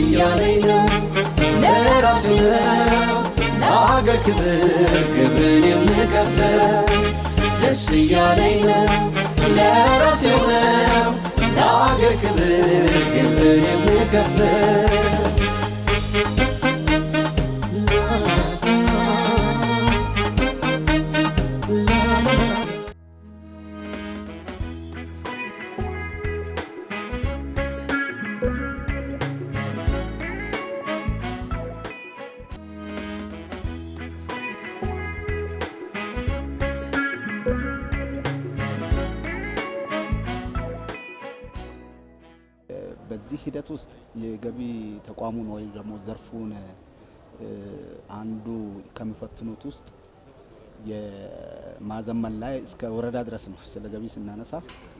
እያለኝ ነው ለራሴ ነው ለአገር ክብር ክብርን የምከፍለው ደስ እያለኝ ነው ለራሴ ለአገር ክብር ክብርን የምከፍለው ሂደት ውስጥ የገቢ ተቋሙን ወይም ደግሞ ዘርፉን አንዱ ከሚፈትኑት ውስጥ የማዘመን ላይ እስከ ወረዳ ድረስ ነው። ስለ ገቢ ስናነሳ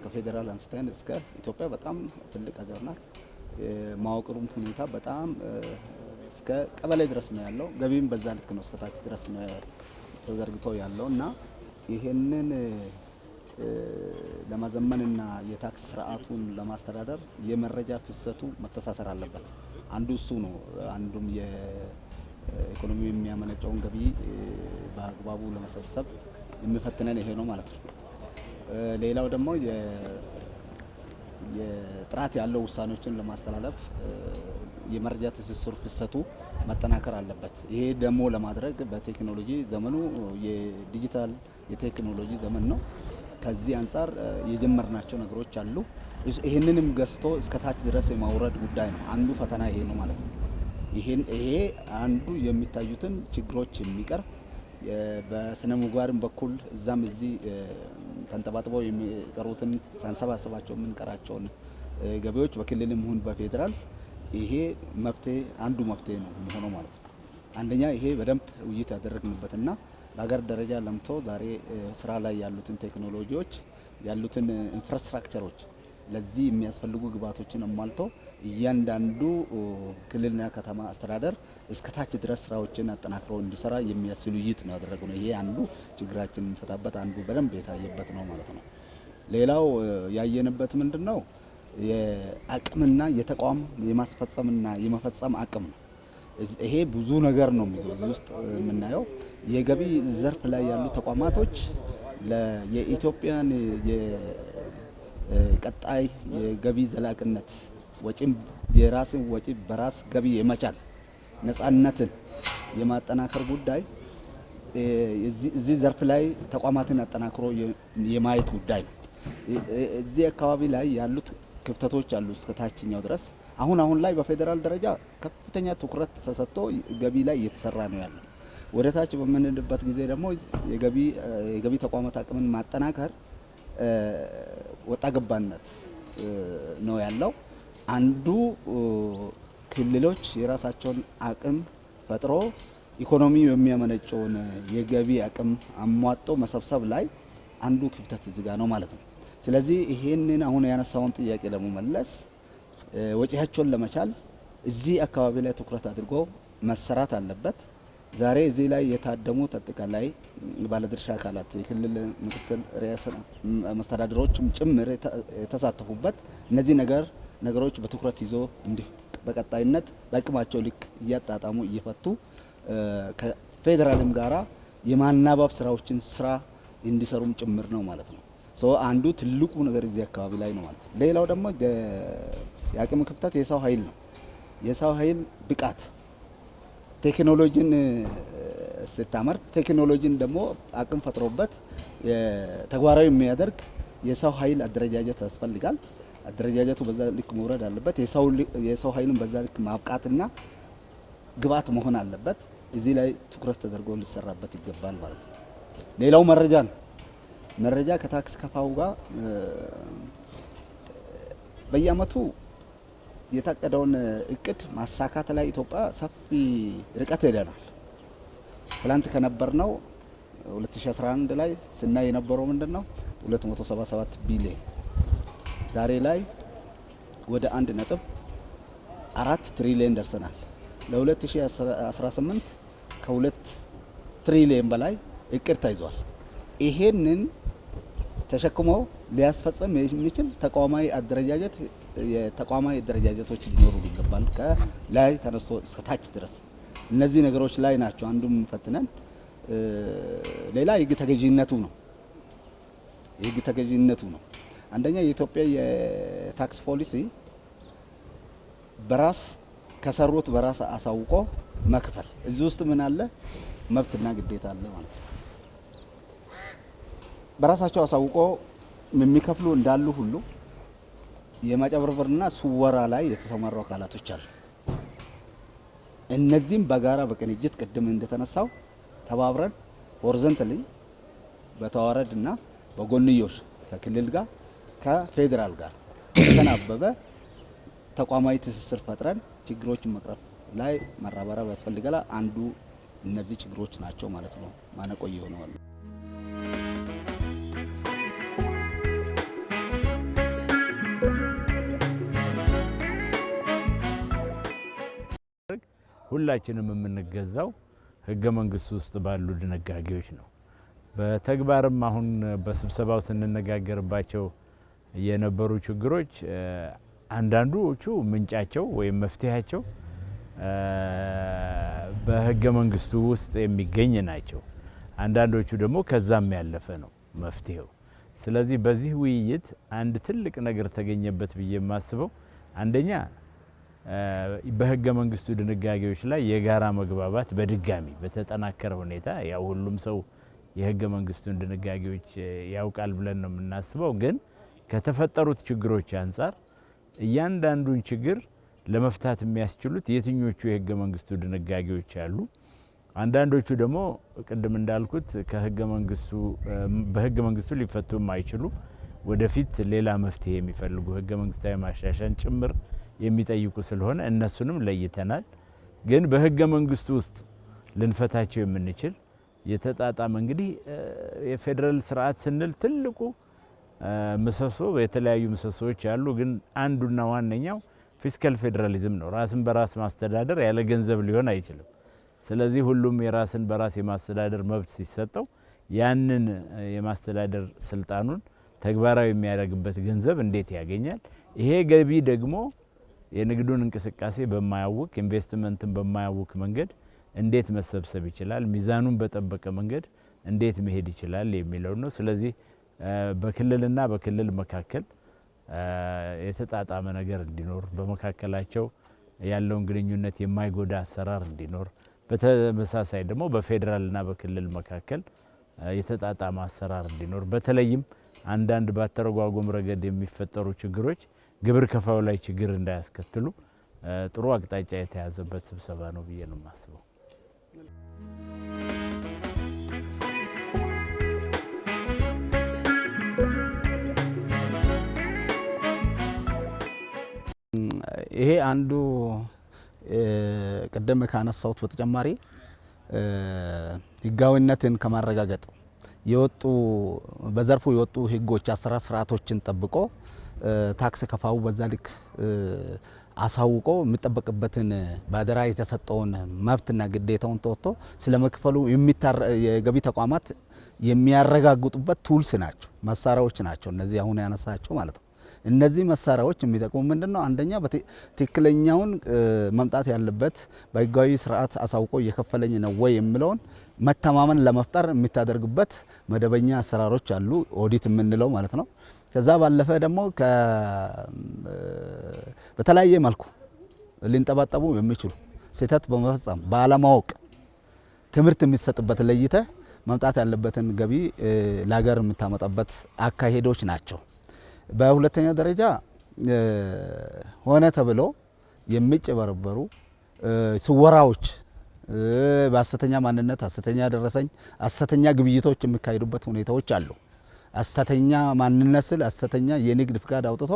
ከፌዴራል አንስተን እስከ ኢትዮጵያ በጣም ትልቅ ሀገር ናት። ማወቅሩም ሁኔታ በጣም እስከ ቀበሌ ድረስ ነው ያለው። ገቢም በዛ ልክ ነው፣ እስከታች ድረስ ነው ተዘርግቶ ያለው እና ይህንን ። ለማዘመንና የታክስ ስርዓቱን ለማስተዳደር የመረጃ ፍሰቱ መተሳሰር አለበት። አንዱ እሱ ነው። አንዱም የኢኮኖሚ የሚያመነጨውን ገቢ በአግባቡ ለመሰብሰብ የሚፈትነን ይሄ ነው ማለት ነው። ሌላው ደግሞ የጥራት ያለው ውሳኔዎችን ለማስተላለፍ የመረጃ ትስስር ፍሰቱ መጠናከር አለበት። ይሄ ደግሞ ለማድረግ በቴክኖሎጂ ዘመኑ የዲጂታል የቴክኖሎጂ ዘመን ነው። ከዚህ አንጻር የጀመርናቸው ነገሮች አሉ። ይህንንም ገዝቶ እስከ ታች ድረስ የማውረድ ጉዳይ ነው። አንዱ ፈተና ይሄ ነው ማለት ነው። ይሄን ይሄ አንዱ የሚታዩትን ችግሮች የሚቀርብ በስነ ምግባርም በኩል እዛም እዚህ ተንጠባጥበው የሚቀሩትን ሳንሰባሰባቸው የምንቀራቸውን ገቢዎች በክልልም ይሁን በፌዴራል ይሄ መፍትሄ አንዱ መፍትሄ ነው የሚሆነው ማለት ነው። አንደኛ ይሄ በደንብ ውይይት ያደረግንበትና በሀገር ደረጃ ለምቶ ዛሬ ስራ ላይ ያሉትን ቴክኖሎጂዎች ያሉትን ኢንፍራስትራክቸሮች ለዚህ የሚያስፈልጉ ግብዓቶችን አሟልቶ እያንዳንዱ ክልልና ከተማ አስተዳደር እስከ ታች ድረስ ስራዎችን አጠናክሮ እንዲሰራ የሚያስችል ውይይት ነው ያደረገው ነው። ይሄ አንዱ ችግራችን የምንፈታበት አንዱ በደንብ የታየበት ነው ማለት ነው። ሌላው ያየንበት ምንድን ነው የአቅምና የተቋም የማስፈጸምና የመፈጸም አቅም ነው። ይሄ ብዙ ነገር ነው እዚህ ውስጥ የምናየው የገቢ ዘርፍ ላይ ያሉ ተቋማቶች የኢትዮጵያን የቀጣይ የገቢ ዘላቅነት ወጪም የራስን ወጪ በራስ ገቢ የመቻል ነጻነትን የማጠናከር ጉዳይ እዚህ ዘርፍ ላይ ተቋማትን አጠናክሮ የማየት ጉዳይ ነው። እዚህ አካባቢ ላይ ያሉት ክፍተቶች አሉ እስከ ታችኛው ድረስ። አሁን አሁን ላይ በፌዴራል ደረጃ ከፍተኛ ትኩረት ተሰጥቶ ገቢ ላይ እየተሰራ ነው ያለው። ወደ ታች በምንሄድበት ጊዜ ደግሞ የገቢ ተቋማት አቅምን ማጠናከር ወጣ ገባነት ነው ያለው። አንዱ ክልሎች የራሳቸውን አቅም ፈጥሮ ኢኮኖሚ የሚያመነጨውን የገቢ አቅም አሟጦ መሰብሰብ ላይ አንዱ ክፍተት እዚህ ነው ማለት ነው። ስለዚህ ይሄንን አሁን ያነሳውን ጥያቄ ለመመለስ ወጪያቸውን ለመቻል እዚህ አካባቢ ላይ ትኩረት አድርጎ መሰራት አለበት። ዛሬ እዚህ ላይ የታደሙት አጠቃላይ ባለድርሻ አካላት የክልል ምክትል ርዕሰ መስተዳድሮችም ጭምር የተሳተፉበት እነዚህ ነገር ነገሮች በትኩረት ይዞ በቀጣይነት በአቅማቸው ልክ እያጣጣሙ እየፈቱ ከፌዴራልም ጋራ የማናባብ ስራዎችን ስራ እንዲሰሩም ጭምር ነው ማለት ነው። አንዱ ትልቁ ነገር እዚህ አካባቢ ላይ ነው ማለት ነው። ሌላው ደግሞ የአቅም ክፍተት የሰው ኃይል ነው። የሰው ኃይል ብቃት ቴክኖሎጂን ስታመርት ቴክኖሎጂን ደግሞ አቅም ፈጥሮበት ተግባራዊ የሚያደርግ የሰው ኃይል አደረጃጀት ያስፈልጋል። አደረጃጀቱ በዛ ልክ መውረድ አለበት። የሰው ኃይልን በዛ ልክ ማብቃትና ግብአት መሆን አለበት። እዚህ ላይ ትኩረት ተደርጎ ሊሰራበት ይገባል ማለት ነው። ሌላው መረጃ ነው። መረጃ ከታክስ ከፋው ጋር በየአመቱ የታቀደውን እቅድ ማሳካት ላይ ኢትዮጵያ ሰፊ ርቀት ሄደናል። ትላንት ከነበርነው 2011 ላይ ስናይ የነበረው ምንድን ነው 277 ቢሊዮን ዛሬ ላይ ወደ አንድ ነጥብ አራት ትሪሊየን ደርሰናል። ለ2018 ከሁለት ትሪሊየን በላይ እቅድ ተይዟል። ይሄንን ተሸክሞ ሊያስፈጽም የሚችል ተቋማዊ አደረጃጀት የተቋማዊ አደረጃጀቶች ሊኖሩ ይገባል። ከላይ ተነስቶ እስከታች ድረስ እነዚህ ነገሮች ላይ ናቸው አንዱም ፈትነን። ሌላ የህግ ተገዥነቱ ነው። የህግ ተገዥነቱ ነው። አንደኛ የኢትዮጵያ የታክስ ፖሊሲ በራስ ከሰሩት በራስ አሳውቆ መክፈል። እዚህ ውስጥ ምን አለ? መብትና ግዴታ አለ ማለት ነው። በራሳቸው አሳውቆ የሚከፍሉ እንዳሉ ሁሉ የማጨበርበርና ስወራ ላይ የተሰማሩ አካላቶች አሉ። እነዚህም በጋራ በቅንጅት ቅድም እንደተነሳው ተባብረን ሆሪዞንታሊ በተዋረድ እና በጎንዮሽ ከክልል ጋር ከፌዴራል ጋር የተናበበ ተቋማዊ ትስስር ፈጥረን ችግሮችን መቅረፍ ላይ መረባረብ ያስፈልገናል። አንዱ እነዚህ ችግሮች ናቸው ማለት ነው፣ ማነቆ ይሆነዋል። ሁላችንም የምንገዛው ህገ መንግስት ውስጥ ባሉ ድንጋጌዎች ነው። በተግባርም አሁን በስብሰባው ስንነጋገርባቸው የነበሩ ችግሮች አንዳንዶቹ ምንጫቸው ወይም መፍትሄያቸው በህገ መንግስቱ ውስጥ የሚገኝ ናቸው። አንዳንዶቹ ደግሞ ከዛም ያለፈ ነው መፍትሄው። ስለዚህ በዚህ ውይይት አንድ ትልቅ ነገር ተገኘበት ብዬ የማስበው አንደኛ በህገ መንግስቱ ድንጋጌዎች ላይ የጋራ መግባባት በድጋሚ በተጠናከረ ሁኔታ ያው ሁሉም ሰው የህገ መንግስቱን ድንጋጌዎች ያውቃል ብለን ነው የምናስበው። ግን ከተፈጠሩት ችግሮች አንጻር እያንዳንዱን ችግር ለመፍታት የሚያስችሉት የትኞቹ የህገ መንግስቱ ድንጋጌዎች አሉ፣ አንዳንዶቹ ደግሞ ቅድም እንዳልኩት ከህገ መንግስቱ በህገ መንግስቱ ሊፈቱ የማይችሉ ወደፊት ሌላ መፍትሄ የሚፈልጉ ህገ መንግስታዊ ማሻሻን ጭምር የሚጠይቁ ስለሆነ እነሱንም ለይተናል። ግን በህገ መንግስቱ ውስጥ ልንፈታቸው የምንችል የተጣጣመ እንግዲህ የፌዴራል ስርዓት ስንል ትልቁ ምሰሶ የተለያዩ ምሰሶዎች አሉ። ግን አንዱና ዋነኛው ፊስካል ፌዴራሊዝም ነው። ራስን በራስ ማስተዳደር ያለ ገንዘብ ሊሆን አይችልም። ስለዚህ ሁሉም የራስን በራስ የማስተዳደር መብት ሲሰጠው ያንን የማስተዳደር ስልጣኑን ተግባራዊ የሚያደርግበት ገንዘብ እንዴት ያገኛል? ይሄ ገቢ ደግሞ የንግዱን እንቅስቃሴ በማያውቅ ኢንቨስትመንትን በማያውቅ መንገድ እንዴት መሰብሰብ ይችላል፣ ሚዛኑን በጠበቀ መንገድ እንዴት መሄድ ይችላል የሚለው ነው። ስለዚህ በክልልና በክልል መካከል የተጣጣመ ነገር እንዲኖር፣ በመካከላቸው ያለውን ግንኙነት የማይጎዳ አሰራር እንዲኖር፣ በተመሳሳይ ደግሞ በፌዴራልና በክልል መካከል የተጣጣመ አሰራር እንዲኖር፣ በተለይም አንዳንድ ባተረጓጎም ረገድ የሚፈጠሩ ችግሮች ግብር ከፋዩ ላይ ችግር እንዳያስከትሉ ጥሩ አቅጣጫ የተያዘበት ስብሰባ ነው ብዬ ነው የማስበው። ይሄ አንዱ ቅድም ካነሳሁት በተጨማሪ ህጋዊነትን ከማረጋገጥ የወጡ በዘርፉ የወጡ ህጎች፣ አሰራር ስርዓቶችን ጠብቆ ታክስ ከፋው በዛ ልክ አሳውቆ የሚጠበቅበትን በአደራ የተሰጠውን መብትና ግዴታውን ተወጥቶ ስለ መክፈሉ የገቢ ተቋማት የሚያረጋግጡበት ቱልስ ናቸው፣ መሳሪያዎች ናቸው። እነዚህ አሁን ያነሳቸው ማለት ነው። እነዚህ መሳሪያዎች የሚጠቅሙ ምንድን ነው? አንደኛ ትክክለኛውን መምጣት ያለበት በህጋዊ ስርዓት አሳውቆ እየከፈለኝ ነው ወይ የሚለውን መተማመን ለመፍጠር የሚታደርግበት መደበኛ አሰራሮች አሉ፣ ኦዲት የምንለው ማለት ነው። ከዛ ባለፈ ደግሞ በተለያየ መልኩ ሊንጠባጠቡ የሚችሉ ስህተት በመፈጸም ባለማወቅ ትምህርት የሚሰጥበት ለይተ መምጣት ያለበትን ገቢ ለሀገር የምታመጣበት አካሄዶች ናቸው። በሁለተኛ ደረጃ ሆነ ተብሎ የሚጭበረበሩ ስወራዎች፣ በሀሰተኛ ማንነት፣ ሀሰተኛ ደረሰኝ፣ ሀሰተኛ ግብይቶች የሚካሄዱበት ሁኔታዎች አሉ። አሰተኛ ማንነት ስል አሰተኛ የንግድ ፍቃድ አውጥቶ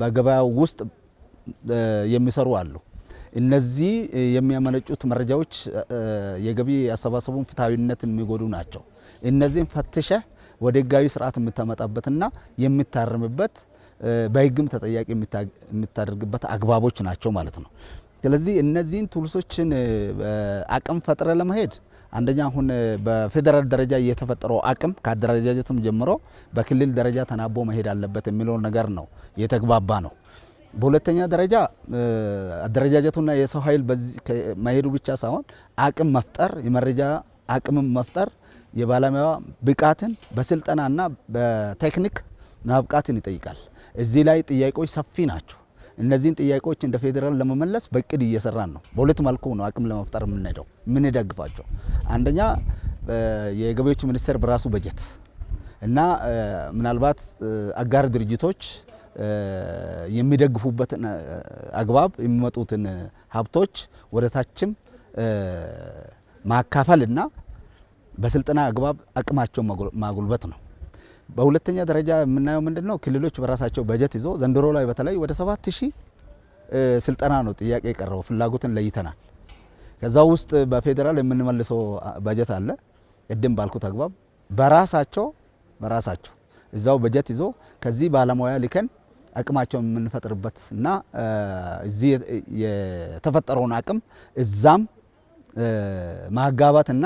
በገበያው ውስጥ የሚሰሩ አሉ። እነዚህ የሚያመነጩት መረጃዎች የገቢ አሰባሰቡን ፍትሐዊነት የሚጎዱ ናቸው። እነዚህም ፈትሸ ወደ ህጋዊ ስርዓት የምታመጣበትና የምታርምበት በህግም ተጠያቂ የምታደርግበት አግባቦች ናቸው ማለት ነው። ስለዚህ እነዚህን ቱልሶችን አቅም ፈጥረ ለመሄድ አንደኛ አሁን በፌዴራል ደረጃ የተፈጠረው አቅም ከአደረጃጀትም ጀምሮ በክልል ደረጃ ተናቦ መሄድ አለበት የሚለው ነገር ነው የተግባባ ነው። በሁለተኛ ደረጃ አደረጃጀቱና የሰው ኃይል መሄዱ ብቻ ሳይሆን አቅም መፍጠር፣ የመረጃ አቅምም መፍጠር፣ የባለሙያ ብቃትን በስልጠናና በቴክኒክ ማብቃትን ይጠይቃል። እዚህ ላይ ጥያቄዎች ሰፊ ናቸው። እነዚህን ጥያቄዎች እንደ ፌዴራል ለመመለስ በቅድ እየሰራን ነው። በሁለት መልኩ ነው አቅም ለመፍጠር የምንሄደው የምንደግፋቸው። አንደኛ የገቢዎች ሚኒስቴር በራሱ በጀት እና ምናልባት አጋር ድርጅቶች የሚደግፉበትን አግባብ የሚመጡትን ሀብቶች ወደ ታችም ማካፈል እና በስልጠና አግባብ አቅማቸውን ማጉልበት ነው። በሁለተኛ ደረጃ የምናየው ምንድን ነው? ክልሎች በራሳቸው በጀት ይዞ ዘንድሮ ላይ በተለይ ወደ ሰባት ሺህ ስልጠና ነው ጥያቄ የቀረው። ፍላጎትን ለይተናል። ከዛ ውስጥ በፌዴራል የምንመልሰው በጀት አለ። ቅድም ባልኩት አግባብ በራሳቸው በራሳቸው እዛው በጀት ይዞ ከዚህ ባለሙያ ልከን አቅማቸውን የምንፈጥርበት እና እዚህ የተፈጠረውን አቅም እዛም እና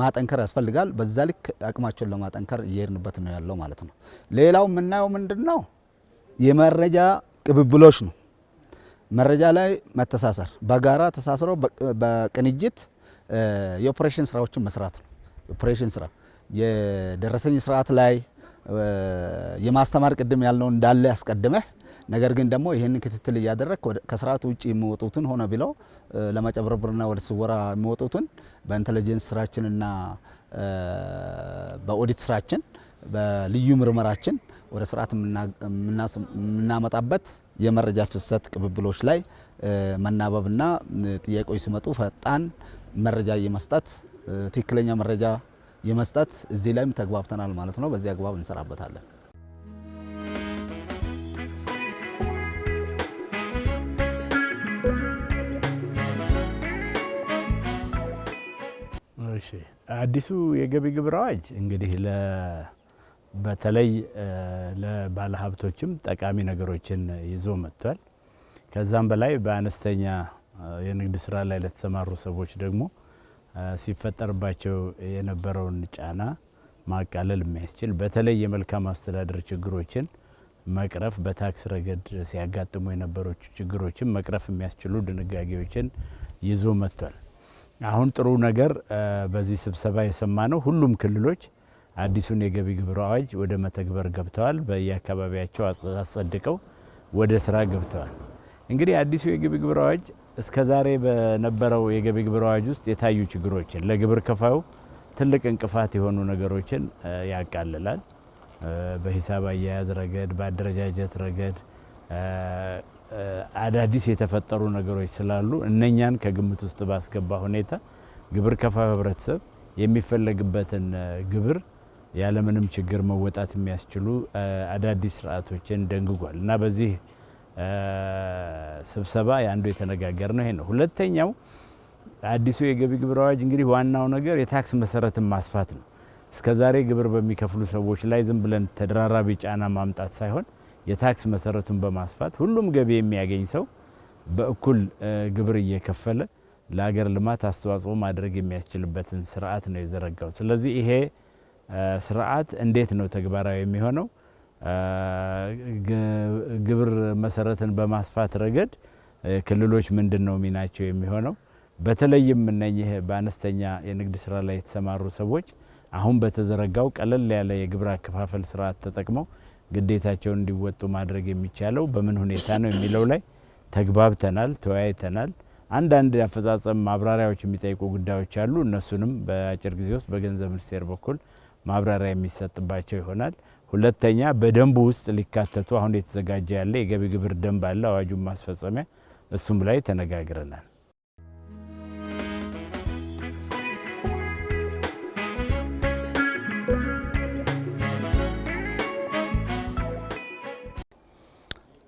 ማጠንከር ያስፈልጋል። በዛ ልክ አቅማቸውን ለማጠንከር እየሄድንበት ነው ያለው ማለት ነው። ሌላው የምናየው ምንድን ነው? የመረጃ ቅብብሎች ነው። መረጃ ላይ መተሳሰር፣ በጋራ ተሳስሮ በቅንጅት የኦፕሬሽን ስራዎችን መስራት ነው። ኦፕሬሽን ስራ የደረሰኝ ስርዓት ላይ የማስተማር ቅድም ያለው እንዳለ ያስቀድመህ ነገር ግን ደግሞ ይህንን ክትትል እያደረግ ከስርዓት ውጭ የሚወጡትን ሆነ ብለው ለማጨበርበርና ወደ ስወራ የሚወጡትን በኢንቴሊጀንስ ስራችንና በኦዲት ስራችን በልዩ ምርመራችን ወደ ስርዓት የምናመጣበት የመረጃ ፍሰት ቅብብሎች ላይ መናበብና ጥያቄዎች ሲመጡ ፈጣን መረጃ የመስጠት ትክክለኛ መረጃ የመስጠት እዚህ ላይም ተግባብተናል ማለት ነው። በዚህ አግባብ እንሰራበታለን። አዲሱ የገቢ ግብር አዋጅ እንግዲህ በተለይ ለባለሀብቶችም ጠቃሚ ነገሮችን ይዞ መጥቷል። ከዛም በላይ በአነስተኛ የንግድ ስራ ላይ ለተሰማሩ ሰዎች ደግሞ ሲፈጠርባቸው የነበረውን ጫና ማቃለል የሚያስችል በተለይ የመልካም አስተዳደር ችግሮችን መቅረፍ በታክስ ረገድ ሲያጋጥሙ የነበሩ ችግሮችን መቅረፍ የሚያስችሉ ድንጋጌዎችን ይዞ መጥቷል። አሁን ጥሩ ነገር በዚህ ስብሰባ የሰማ ነው። ሁሉም ክልሎች አዲሱን የገቢ ግብር አዋጅ ወደ መተግበር ገብተዋል። በየአካባቢያቸው አጸድቀው ወደ ስራ ገብተዋል። እንግዲህ አዲሱ የገቢ ግብር አዋጅ እስከ ዛሬ በነበረው የገቢ ግብር አዋጅ ውስጥ የታዩ ችግሮችን ለግብር ከፋዩ ትልቅ እንቅፋት የሆኑ ነገሮችን ያቃልላል። በሂሳብ አያያዝ ረገድ፣ በአደረጃጀት ረገድ አዳዲስ የተፈጠሩ ነገሮች ስላሉ እነኛን ከግምት ውስጥ ባስገባ ሁኔታ ግብር ከፋዩ ህብረተሰብ የሚፈለግበትን ግብር ያለምንም ችግር መወጣት የሚያስችሉ አዳዲስ ስርዓቶችን ደንግጓል እና በዚህ ስብሰባ አንዱ የተነጋገር ነው ይሄ ነው። ሁለተኛው አዲሱ የገቢ ግብር አዋጅ እንግዲህ ዋናው ነገር የታክስ መሰረትን ማስፋት ነው። እስከዛሬ ግብር በሚከፍሉ ሰዎች ላይ ዝም ብለን ተደራራቢ ጫና ማምጣት ሳይሆን የታክስ መሰረቱን በማስፋት ሁሉም ገቢ የሚያገኝ ሰው በእኩል ግብር እየከፈለ ለሀገር ልማት አስተዋጽኦ ማድረግ የሚያስችልበትን ስርዓት ነው የዘረጋው። ስለዚህ ይሄ ስርዓት እንዴት ነው ተግባራዊ የሚሆነው? ግብር መሰረትን በማስፋት ረገድ ክልሎች ምንድን ነው ሚናቸው የሚሆነው? በተለይም እነኚህ በአነስተኛ የንግድ ስራ ላይ የተሰማሩ ሰዎች አሁን በተዘረጋው ቀለል ያለ የግብር አከፋፈል ስርዓት ተጠቅመው ግዴታቸውን እንዲወጡ ማድረግ የሚቻለው በምን ሁኔታ ነው የሚለው ላይ ተግባብተናል፣ ተወያይተናል። አንዳንድ አፈጻጸም ማብራሪያዎች የሚጠይቁ ጉዳዮች አሉ። እነሱንም በአጭር ጊዜ ውስጥ በገንዘብ ሚኒስቴር በኩል ማብራሪያ የሚሰጥባቸው ይሆናል። ሁለተኛ በደንቡ ውስጥ ሊካተቱ አሁን የተዘጋጀ ያለ የገቢ ግብር ደንብ አለ፣ አዋጁን ማስፈጸሚያ እሱም ላይ ተነጋግረናል።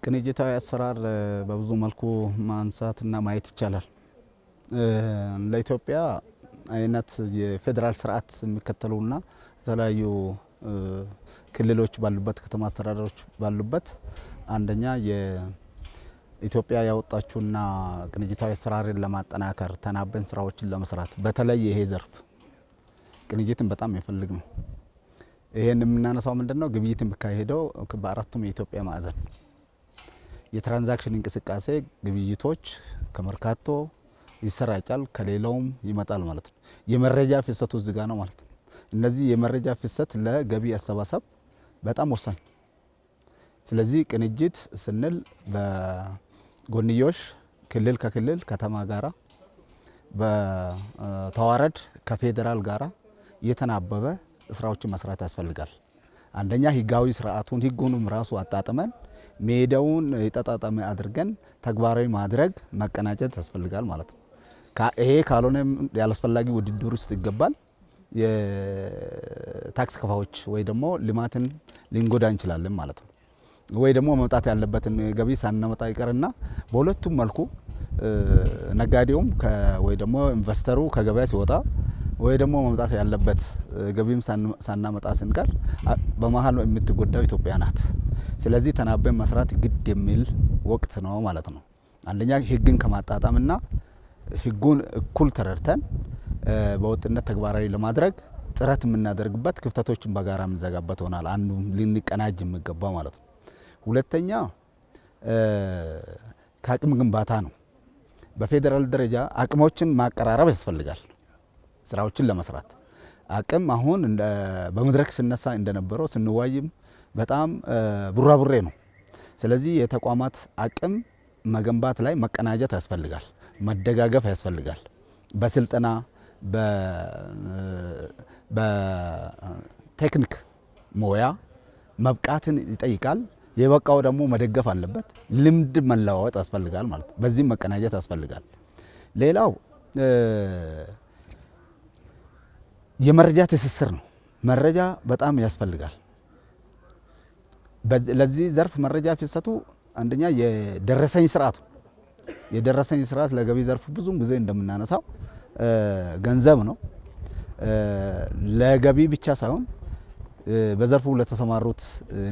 ቅንጅታዊ አሰራር በብዙ መልኩ ማንሳትና ማየት ይቻላል። ለኢትዮጵያ አይነት የፌዴራል ስርዓት የሚከተሉና የተለያዩ ክልሎች ባሉበት ከተማ አስተዳደሮች ባሉበት አንደኛ የኢትዮጵያ ያወጣችውና ቅንጅታዊ አሰራርን ለማጠናከር ተናበን ስራዎችን ለመስራት በተለይ ይሄ ዘርፍ ቅንጅትን በጣም የሚፈልግ ነው። ይሄን የምናነሳው ምንድን ነው ግብይት የሚካሄደው በአራቱም የኢትዮጵያ ማዕዘን የትራንዛክሽን እንቅስቃሴ ግብይቶች ከመርካቶ ይሰራጫል፣ ከሌላውም ይመጣል ማለት ነው። የመረጃ ፍሰቱ እዚህ ጋ ነው ማለት ነው። እነዚህ የመረጃ ፍሰት ለገቢ አሰባሰብ በጣም ወሳኝ። ስለዚህ ቅንጅት ስንል በጎንዮሽ ክልል ከክልል ከተማ ጋራ በተዋረድ ከፌዴራል ጋራ የተናበበ ስራዎችን መስራት ያስፈልጋል። አንደኛ ህጋዊ ስርዓቱን ህጉንም ራሱ አጣጥመን ሜዳውን የጠጣጣሚ አድርገን ተግባራዊ ማድረግ መቀናጨት ያስፈልጋል ማለት ነው። ይሄ ካልሆነ ያላስፈላጊ ውድድር ውስጥ ይገባል። የታክስ ከፋዎች ወይ ደግሞ ልማትን ልንጎዳ እንችላለን ማለት ነው። ወይ ደግሞ መምጣት ያለበትን ገቢ ሳናመጣ ይቀርና በሁለቱም መልኩ ነጋዴውም ወይ ደግሞ ኢንቨስተሩ ከገበያ ሲወጣ ወይ ደግሞ መምጣት ያለበት ገቢም ሳናመጣ ስንቀር በመሀል የምትጎዳው ኢትዮጵያ ናት። ስለዚህ ተናበን መስራት ግድ የሚል ወቅት ነው ማለት ነው። አንደኛ ህግን ከማጣጣምና ህጉን እኩል ተረድተን በወጥነት ተግባራዊ ለማድረግ ጥረት የምናደርግበት ክፍተቶችን በጋራ የምንዘጋበት ሆናል። አንዱ ልንቀናጅ የሚገባ ማለት ነው። ሁለተኛ ከአቅም ግንባታ ነው። በፌዴራል ደረጃ አቅሞችን ማቀራረብ ያስፈልጋል። ስራዎችን ለመስራት አቅም አሁን በመድረክ ስነሳ እንደነበረው ስንዋይም በጣም ቡራቡሬ ነው። ስለዚህ የተቋማት አቅም መገንባት ላይ መቀናጀት ያስፈልጋል፣ መደጋገፍ ያስፈልጋል። በስልጠና በቴክኒክ ሞያ መብቃትን ይጠይቃል። የበቃው ደግሞ መደገፍ አለበት። ልምድ መለዋወጥ ያስፈልጋል ማለት ነው። በዚህም መቀናጀት ያስፈልጋል። ሌላው የመረጃ ትስስር ነው። መረጃ በጣም ያስፈልጋል። ለዚህ ዘርፍ መረጃ ፍሰቱ አንደኛ የደረሰኝ ስርዓቱ የደረሰኝ ስርዓት ለገቢ ዘርፉ ብዙም ጊዜ እንደምናነሳው ገንዘብ ነው። ለገቢ ብቻ ሳይሆን በዘርፉ ለተሰማሩት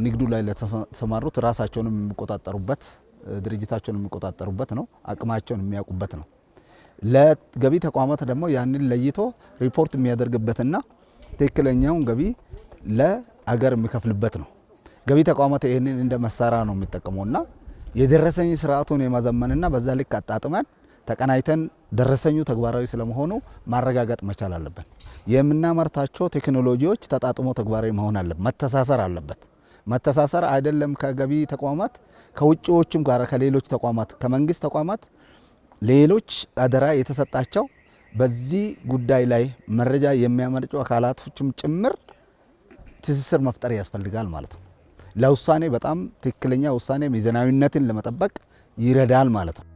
ንግዱ ላይ ለተሰማሩት ራሳቸውን የሚቆጣጠሩበት ድርጅታቸውን የሚቆጣጠሩበት ነው። አቅማቸውን የሚያውቁበት ነው። ለገቢ ተቋማት ደግሞ ያንን ለይቶ ሪፖርት የሚያደርግበትና ትክክለኛውን ገቢ ለአገር የሚከፍልበት ነው። ገቢ ተቋማት ይህንን እንደ መሳሪያ ነው የሚጠቀሙና የደረሰኝ ስርዓቱን የማዘመንና በዛ ልክ አጣጥመን ተቀናይተን ደረሰኙ ተግባራዊ ስለመሆኑ ማረጋገጥ መቻል አለብን። የምናመርታቸው ቴክኖሎጂዎች ተጣጥሞ ተግባራዊ መሆን አለበት፣ መተሳሰር አለበት። መተሳሰር አይደለም ከገቢ ተቋማት ከውጭዎችም ጋር ከሌሎች ተቋማት ከመንግስት ተቋማት ሌሎች አደራ የተሰጣቸው በዚህ ጉዳይ ላይ መረጃ የሚያመነጩ አካላቶችም ጭምር ትስስር መፍጠር ያስፈልጋል ማለት ነው። ለውሳኔ በጣም ትክክለኛ ውሳኔ ሚዛናዊነትን ለመጠበቅ ይረዳል ማለት ነው።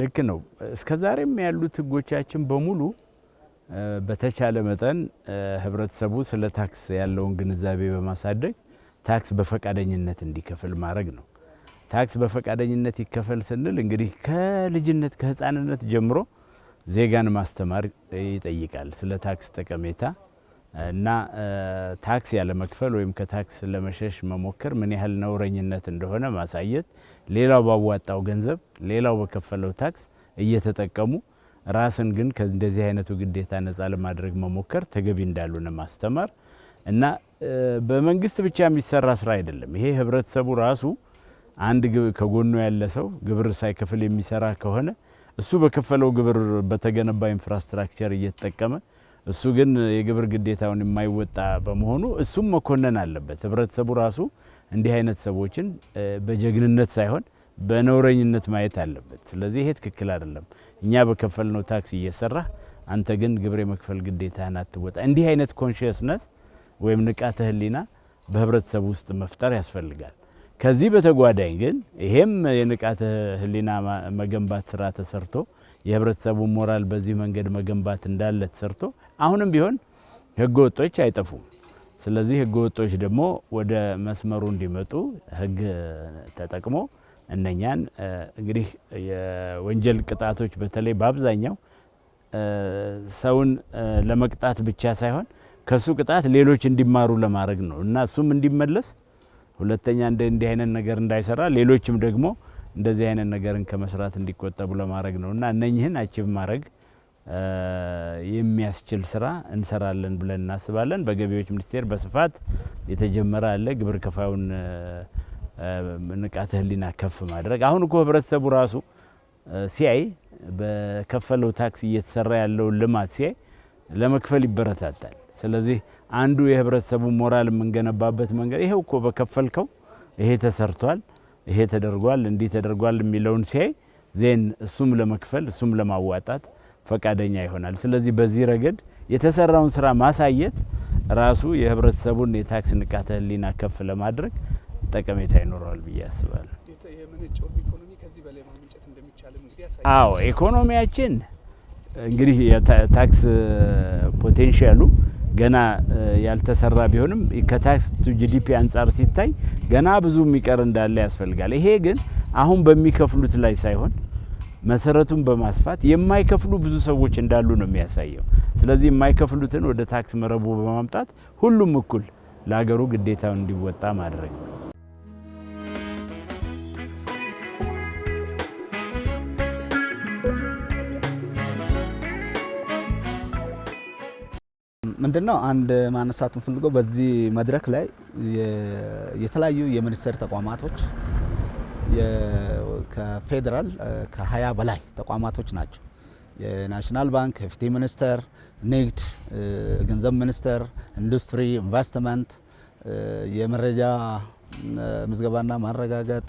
ልክ ነው። እስከዛሬም ያሉት ህጎቻችን በሙሉ በተቻለ መጠን ህብረተሰቡ ስለ ታክስ ያለውን ግንዛቤ በማሳደግ ታክስ በፈቃደኝነት እንዲከፍል ማድረግ ነው። ታክስ በፈቃደኝነት ይከፈል ስንል እንግዲህ ከልጅነት ከህፃንነት ጀምሮ ዜጋን ማስተማር ይጠይቃል። ስለ ታክስ ጠቀሜታ እና ታክስ ያለመክፈል ወይም ከታክስ ለመሸሽ መሞከር ምን ያህል ነውረኝነት እንደሆነ ማሳየት፣ ሌላው ባዋጣው ገንዘብ ሌላው በከፈለው ታክስ እየተጠቀሙ ራስን ግን ከእንደዚህ አይነቱ ግዴታ ነፃ ለማድረግ መሞከር ተገቢ እንዳልሆነ ማስተማር እና በመንግስት ብቻ የሚሰራ ስራ አይደለም። ይሄ ህብረተሰቡ ራሱ አንድ ከጎኑ ያለ ሰው ግብር ሳይከፍል የሚሰራ ከሆነ እሱ በከፈለው ግብር በተገነባ ኢንፍራስትራክቸር እየተጠቀመ እሱ ግን የግብር ግዴታውን የማይወጣ በመሆኑ እሱም መኮነን አለበት። ህብረተሰቡ ራሱ እንዲህ አይነት ሰዎችን በጀግንነት ሳይሆን በነውረኝነት ማየት አለበት። ስለዚህ ይሄ ትክክል አይደለም። እኛ በከፈልነው ታክስ እየሰራ አንተ ግን ግብር የመክፈል ግዴታህን አትወጣ። እንዲህ አይነት ኮንሽየስነስ ወይም ንቃተ ህሊና በህብረተሰብ ውስጥ መፍጠር ያስፈልጋል። ከዚህ በተጓዳኝ ግን ይሄም የንቃተ ህሊና መገንባት ስራ ተሰርቶ የህብረተሰቡ ሞራል በዚህ መንገድ መገንባት እንዳለ ተሰርቶ አሁንም ቢሆን ህገ ወጦች አይጠፉም። ስለዚህ ህገ ወጦች ደግሞ ወደ መስመሩ እንዲመጡ ህግ ተጠቅሞ እነኛን እንግዲህ የወንጀል ቅጣቶች በተለይ በአብዛኛው ሰውን ለመቅጣት ብቻ ሳይሆን ከሱ ቅጣት ሌሎች እንዲማሩ ለማድረግ ነው እና እሱም እንዲመለስ፣ ሁለተኛ እንዲህ አይነት ነገር እንዳይሰራ፣ ሌሎችም ደግሞ እንደዚህ አይነት ነገርን ከመስራት እንዲቆጠቡ ለማድረግ ነው እና እነኝህን አቺቭ ማድረግ የሚያስችል ስራ እንሰራለን ብለን እናስባለን። በገቢዎች ሚኒስቴር በስፋት የተጀመረ አለ ግብር ከፋዩን ንቃተ ህሊና ከፍ ማድረግ። አሁን እኮ ህብረተሰቡ ራሱ ሲያይ በከፈለው ታክስ እየተሰራ ያለውን ልማት ሲያይ ለመክፈል ይበረታታል። ስለዚህ አንዱ የህብረተሰቡ ሞራል የምንገነባበት መንገድ ይሄው እኮ በከፈልከው ይሄ ተሰርቷል፣ ይሄ ተደርጓል፣ እንዲህ ተደርጓል የሚለውን ሲያይ ዜን እሱም ለመክፈል እሱም ለማዋጣት ፈቃደኛ ይሆናል። ስለዚህ በዚህ ረገድ የተሰራውን ስራ ማሳየት ራሱ የህብረተሰቡን የታክስ ንቃተ ህሊና ከፍ ለማድረግ ጠቀሜታ ይኖረዋል ብዬ አስባለሁ። አዎ ኢኮኖሚያችን እንግዲህ ታክስ ፖቴንሻሉ ገና ያልተሰራ ቢሆንም ከታክስ ቱ ጂዲፒ አንጻር ሲታይ ገና ብዙ የሚቀር እንዳለ ያስፈልጋል። ይሄ ግን አሁን በሚከፍሉት ላይ ሳይሆን መሰረቱን በማስፋት የማይከፍሉ ብዙ ሰዎች እንዳሉ ነው የሚያሳየው። ስለዚህ የማይከፍሉትን ወደ ታክስ መረቡ በማምጣት ሁሉም እኩል ለሀገሩ ግዴታውን እንዲወጣ ማድረግ ነው። ምንድነው አንድ ማነሳት ፈልጎ በዚህ መድረክ ላይ የተለያዩ የሚኒስቴር ተቋማቶች ከፌዴራል ከሀያ በላይ ተቋማቶች ናቸው። የናሽናል ባንክ፣ የፍትህ ሚኒስቴር፣ ንግድ፣ ገንዘብ ሚኒስቴር፣ ኢንዱስትሪ፣ ኢንቨስትመንት፣ የመረጃ ምዝገባና ማረጋገጥ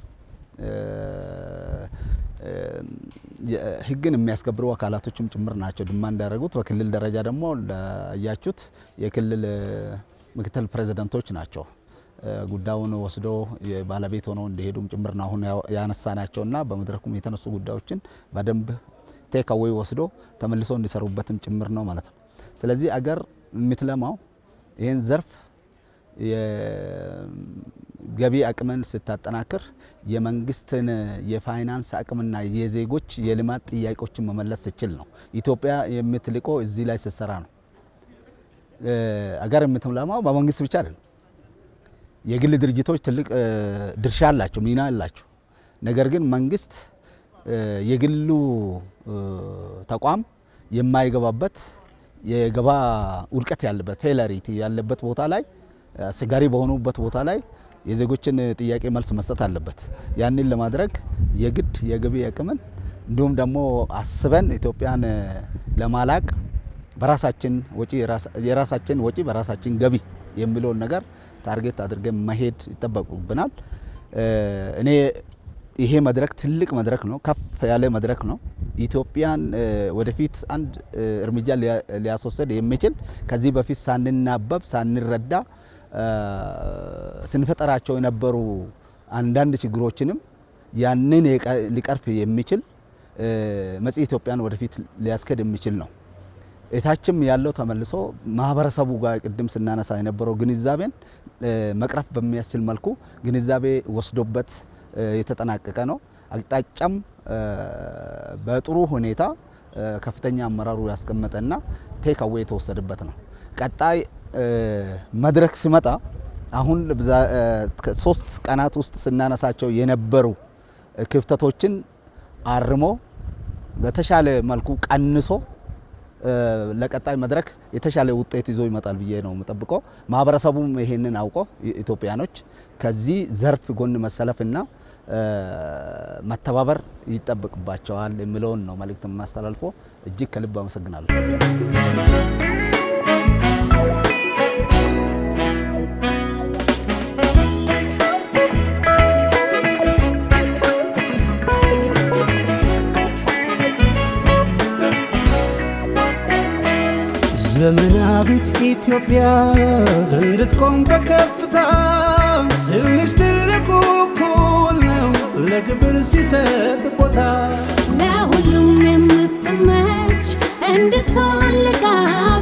ህግን የሚያስከብሩ አካላቶችም ጭምር ናቸው ድማ እንዳደረጉት። በክልል ደረጃ ደግሞ እንዳያችሁት የክልል ምክትል ፕሬዚደንቶች ናቸው ጉዳዩን ወስዶ ባለቤት ሆነው እንዲሄዱም ጭምር ነው አሁን ያነሳናቸውና በመድረኩም የተነሱ ጉዳዮችን በደንብ ቴክ አዌይ ወስዶ ተመልሶ እንዲሰሩበትም ጭምር ነው ማለት ነው። ስለዚህ አገር የምትለማው ይህን ዘርፍ ገቢ አቅምን ስታጠናክር የመንግስትን የፋይናንስ አቅምና የዜጎች የልማት ጥያቄዎችን መመለስ ስችል ነው። ኢትዮጵያ የምትልቆ እዚህ ላይ ስትሰራ ነው። አገር የምትለማው በመንግስት ብቻ አይደለም። የግል ድርጅቶች ትልቅ ድርሻ አላቸው፣ ሚና አላቸው። ነገር ግን መንግስት የግሉ ተቋም የማይገባበት የገባ ውድቀት ያለበት ፌለሪቲ ያለበት ቦታ ላይ አስቸጋሪ በሆኑበት ቦታ ላይ የዜጎችን ጥያቄ መልስ መስጠት አለበት። ያንን ለማድረግ የግድ የገቢ አቅምን እንዲሁም ደግሞ አስበን ኢትዮጵያን ለማላቅ በራሳችን ወጪ የራሳችን ወጪ በራሳችን ገቢ የሚለውን ነገር ታርጌት አድርገን መሄድ ይጠበቁብናል። እኔ ይሄ መድረክ ትልቅ መድረክ ነው፣ ከፍ ያለ መድረክ ነው። ኢትዮጵያን ወደፊት አንድ እርምጃ ሊያስወሰድ የሚችል ከዚህ በፊት ሳንናበብ ሳንረዳ ስንፈጠራቸው የነበሩ አንዳንድ ችግሮችንም ያንን ሊቀርፍ የሚችል መጽ ኢትዮጵያን ወደፊት ሊያስከድ የሚችል ነው። እታችም ያለው ተመልሶ ማህበረሰቡ ጋር ቅድም ስናነሳ የነበረው ግንዛቤን መቅረፍ በሚያስችል መልኩ ግንዛቤ ወስዶበት የተጠናቀቀ ነው። አቅጣጫም በጥሩ ሁኔታ ከፍተኛ አመራሩ ያስቀመጠና ቴክ አዌ የተወሰደበት ነው። ቀጣይ መድረክ ሲመጣ አሁን ሶስት ቀናት ውስጥ ስናነሳቸው የነበሩ ክፍተቶችን አርሞ በተሻለ መልኩ ቀንሶ ለቀጣይ መድረክ የተሻለ ውጤት ይዞ ይመጣል ብዬ ነው የምጠብቀው። ማህበረሰቡም ይሄንን አውቆ ኢትዮጵያኖች ከዚህ ዘርፍ ጎን መሰለፍና መተባበር ይጠበቅባቸዋል የሚለውን ነው መልእክት የማስተላልፎ። እጅግ ከልብ አመሰግናለሁ። ኢትዮጵያ እንድትቆም በከፍታ ትንሽ ትልቁ እኩል ነው ለግብር ሲሰጥ ቦታ ለሁሉም የምትመች እንድትሆን ልቃ